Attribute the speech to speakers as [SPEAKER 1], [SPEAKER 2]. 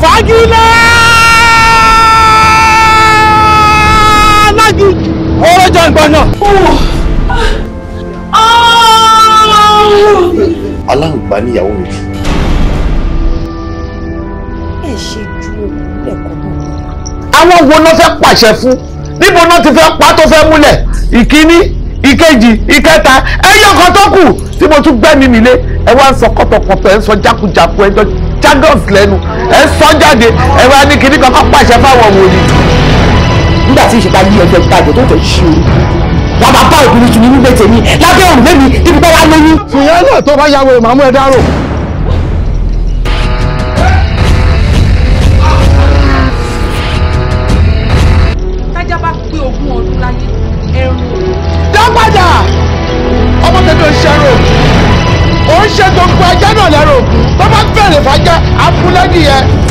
[SPEAKER 1] fagilé lági ọ̀rọ̀ jọ ìgbà náà.
[SPEAKER 2] aláǹgbá níyàwó mi.
[SPEAKER 3] ẹ ṣe ju òun
[SPEAKER 2] lẹ́kọ̀ọ́ náà. àwọn wo ló fẹ́ pàṣẹ fún níbo náà ti fẹ́ pa tó fẹ́ múlẹ̀ ìkíní ìkejì ìkẹta ẹyọ kan tó kù tí mo tún gbẹ́mí mi lé ẹ wá ń sọ kọ́tọ̀kọ́tọ̀ ẹ ń sọ jákujàku ẹ ń sọ jagos lẹ́nu
[SPEAKER 4] ẹ ń sọ jáde ẹ wá ní kíní kankan pàṣẹ fáwọn wòlíì. nígbà tí ìṣèta yí ẹgbẹ́ ìtajà tó fẹ́ ṣe o wà bá bá obìnrin tù mí nígbè tèmi lábẹ́ òrùlé mi ibi tó wá lóyún.
[SPEAKER 5] fìyàn náà tó bá yàwó ìmàmú ẹ dárò.
[SPEAKER 6] fún lẹ́dí yẹn